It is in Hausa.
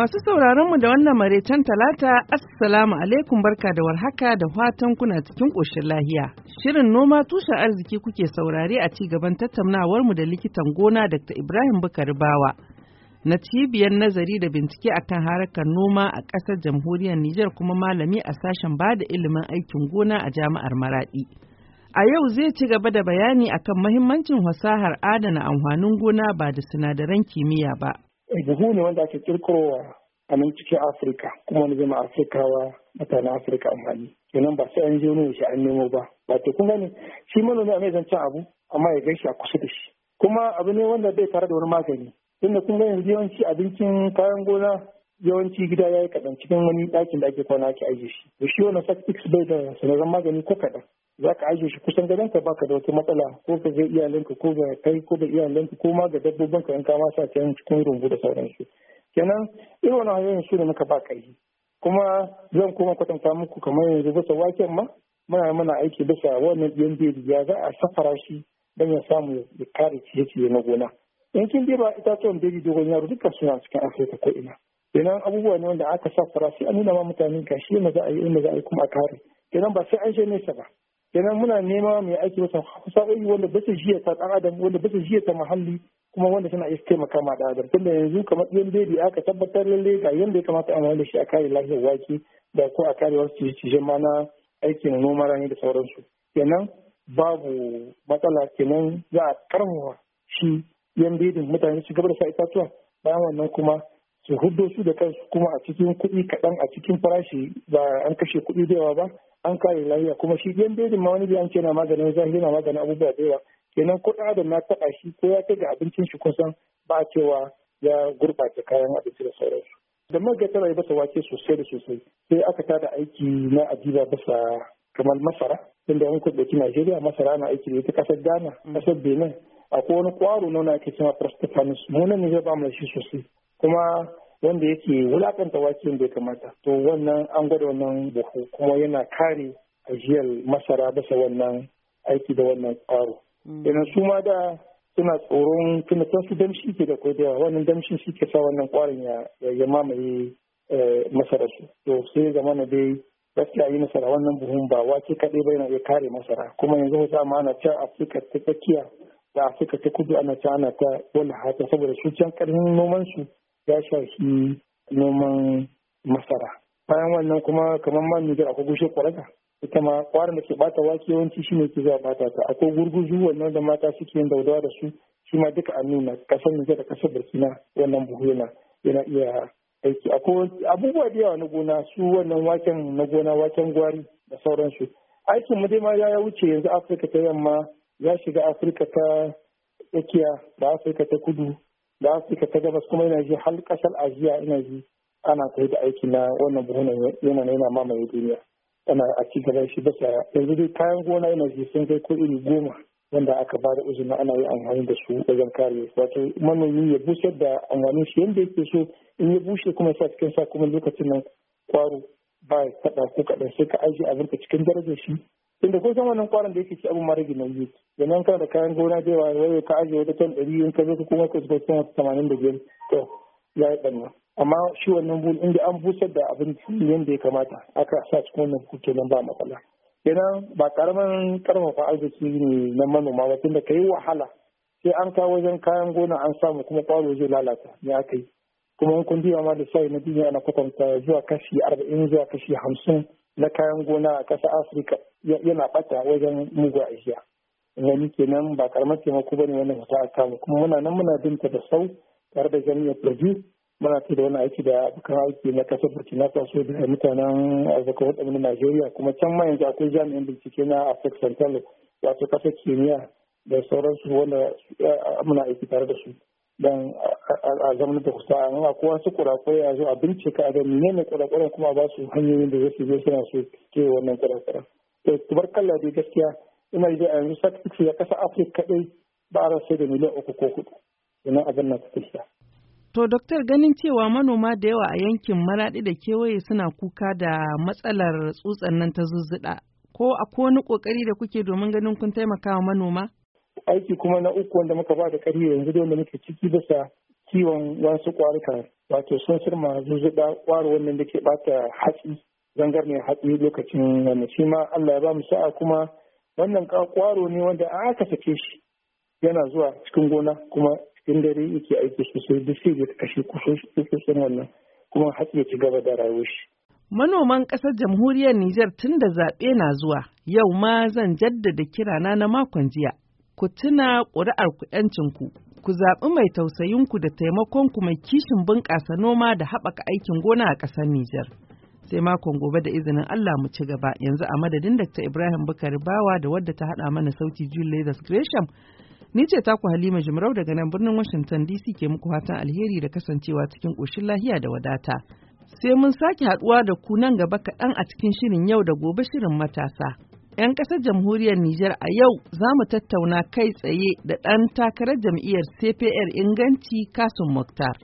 Masu sauraronmu da wannan maraicen talata, Assalamu alaikum barka da warhaka da fatan kuna cikin ƙoshin lahiya. Shirin noma tushen arziki kuke saurare a ci gaban tattaunawarmu da likitan gona Dr. Ibrahim Bukari Bawa. Na cibiyar nazari da bincike a kan harkar noma a ƙasar jamhuriyar Nijar kuma malami a sashen ba da ilimin aikin gona a jami'ar Maraɗi. A yau zai ci gaba da bayani akan mahimmancin fasahar adana amfanin gona ba da sinadaran kimiyya ba Eh, buhu ne wanda ake kirkirowa a nan cikin afirka kuma wani zama afirkawa mutanen afirka amfani kenan ba sai an je wani shi an nemo ba ba to kun shi manomi a mai zancen abu amma ya gaishe a kusa da shi kuma abu ne wanda bai tare da wani magani tunda kun ga yanzu yawanci abincin kayan gona yawanci gida ya yi kaɗan cikin wani ɗakin da ake kwana ake ajiye shi da shi wannan sakfix bai da sanarren magani ko kaɗan za ka ajiye shi kusan gadon ka baka da wata matsala ko ka zai iyalanka ko ga kai ko da iyalanka ko ma ga dabbobin ka in ka ma sa can cikin rumbu da sauransu kenan irin wannan hanyoyin su ne muka ba kai kuma zan koma kwatanta muku kamar yanzu bisa waken ma muna muna aiki sa wannan ɗiyan bedi ya za a safara shi don ya samu ya kare ciye-ciye na gona in kin ba itatuwan bedi dogon yaro duka suna cikin afirka ko ina Yan'an abubuwa ne wanda aka sa fara sai a nuna ma mutane ka shi ma za a yi ma za a yi kuma a kare Yan'an ba sai an je nesa ba Yan'an muna nema mai aiki wasu sa'o'i wanda ba su jiya ta ɗan adam wanda ba su jiya ta muhalli kuma wanda suna iya taimaka ma ɗan adam tunda yanzu kamar ɗiyan bebi aka tabbatar lalle ga yanda ya kamata a da shi a kare lafiyar wake da ko a kare wasu cije ma na aikin noma rani da sauransu kenan babu matsala kenan za a karmawa shi yan bedin mutane su gaba da sa itatuwa bayan wannan kuma su hudo su da kansu kuma a cikin kuɗi kaɗan a cikin farashi ba an kashe kuɗi da yawa ba an kare lafiya kuma shi ɗan bejin ma wani biyan ce na maganin zahiri na maganin abubuwa da yawa kenan ko da adam na taɓa shi ko ya kai ga abincin shi kusan ba a cewa ya gurɓata kayan abinci da sauransu da man rai ya basa wake sosai da sosai sai aka tada aiki na ajiba basa kamar masara tunda an kuɗa ki Najeriya masara na aiki da ita ƙasar Ghana ƙasar Benin akwai wani kwaro na wani ake cewa prostopanus mu nan ne zai ba mu shi sosai kuma wanda yake wulakanta waken bai kamata to wannan an gwada wannan buhu kuma yana kare ajiyar masara bisa wannan aiki da wannan tsaro idan hmm. su ma da suna tsoron tunda kan su damshi ke da kwai da wannan damshin shi ke sa wannan kwarin ya mamaye eh, su. to sai na dai gaskiya yi masara wannan buhun ba wake kaɗai ba yana iya kare masara kuma yanzu wata ma ana can afirka ta tsakiya da afirka ta kudu ana can ana ta wani haka saboda su can ƙarfin noman su ya shafi noman masara bayan wannan kuma kamar man nijar akwai gushe kwaraka ita ma kwarin da ke bata wake yawanci ne ke zuwa bata ta akwai gurguzu wannan da mata suke yin daudawa da su shi ma duka an nuna kasar nijar da kasar burkina wannan buhu yana yana iya aiki akwai abubuwa da yawa na gona su wannan waken na gona waken gwari da sauransu aikin mu dai ma ya wuce yanzu afirka ta yamma ya shiga afirka ta tsakiya da afirka ta kudu da afirka ta gabas kuma yana ji har kasar ajiya ina ji ana kai da aiki na wannan buhunan yana yana mamaye duniya ana a ci gaba shi bisa yanzu dai kayan gona yana ji sun kai ko iri goma wanda aka ba da izini ana yi amfani da su wajen kare wato manomi ya busar da amfanin shi yadda yake so in ya bushe kuma sa cikin sa kuma lokacin nan kwaro ba ya taɓa ko kaɗan sai ka ajiye abinka cikin darajar shi tunda ko san wannan kwaron da yake ci abin mara gina yi yanzu kana da kayan gona da yawa wai ka ajiye wata ton ɗari in ka zo ka kuma ka zuba ton tamanin da biyar to ya yi ɓanna amma shi wannan bul inda an busar da abin yadda ya kamata aka sa cikin wannan kuke nan ba matsala Ina ba karamin karfafa arziki ne na manoma ba tunda ka yi wahala sai an kawo wajen kayan gona an samu kuma kwaro zai lalata ne aka yi kuma in kun biya ma da sai na duniya na kwatanta zuwa kashi arba'in zuwa kashi hamsin na kayan gona a ƙasar afirka yana ɓata wajen mugu ajiya wani kenan ba karamar taimako ba ne wannan ta a kama kuma muna nan muna binta da sau tare da jami'ar produce muna ta da wani aiki da abokan aiki na ƙasar burkina faso da mutanen arzika waɗanda najeriya kuma can ma yanzu akwai jami'in bincike na afirka Santalo wato ƙasar Kenya da sauransu wanda eh, muna aiki tare da su dan a zamanin da kusa an ma kowa su kurakurai a zo a bincika a ga menene kurakurai kuma ba su hanyoyin da zai zo suna su ke wannan kurakurai to kalla da gaskiya ina da a yanzu statistics ya kasa Afirka kadai ba a rasa da miliyan uku ko hudu ina abin na tafiya To, Doktor, ganin cewa manoma da yawa a yankin maraɗi da kewaye suna kuka da matsalar tsutsan nan ta zuzzuɗa, ko akwai wani ƙoƙari da kuke domin ganin kun taimaka wa manoma? aiki kuma na uku wanda muka ba da ƙarfi yanzu da muke ciki bisa kiwon wasu ƙwarika wato sun sirma zuzuɗa ƙwaro wannan da ke ɓata hatsi zangar ne hatsi lokacin wannan shi ma Allah ya ba mu sa'a kuma wannan ƙwaro ne wanda aka sake shi yana zuwa cikin gona kuma cikin dare yake aiki sosai duk sai ya kashe kusosin wannan kuma hatsi ya ci gaba da rayuwar shi. Manoman ƙasar jamhuriyar Nijar tun da zaɓe na zuwa, yau ma zan jaddada kirana na makon jiya ku tuna ƙuri'ar ku ku ku zaɓi mai tausayinku da taimakon ku mai kishin bunƙasa noma da haɓaka aikin gona a ƙasar Nijar. Sai makon gobe da izinin Allah mu ci gaba yanzu a madadin Dr. Ibrahim Bukari Bawa da wadda ta haɗa mana sauti Julius Gresham. Ni ce taku Halima Jimarau daga nan birnin Washington DC ke muku fatan alheri da kasancewa cikin ƙoshin lahiya da wadata. Sai mun sake haɗuwa da ku nan gaba kaɗan a cikin shirin yau da gobe shirin matasa. 'Yan ƙasar jamhuriyar Nijar a yau za mu tattauna kai tsaye da ɗan takarar jam'iyyar CPR inganci Kasum Muktar.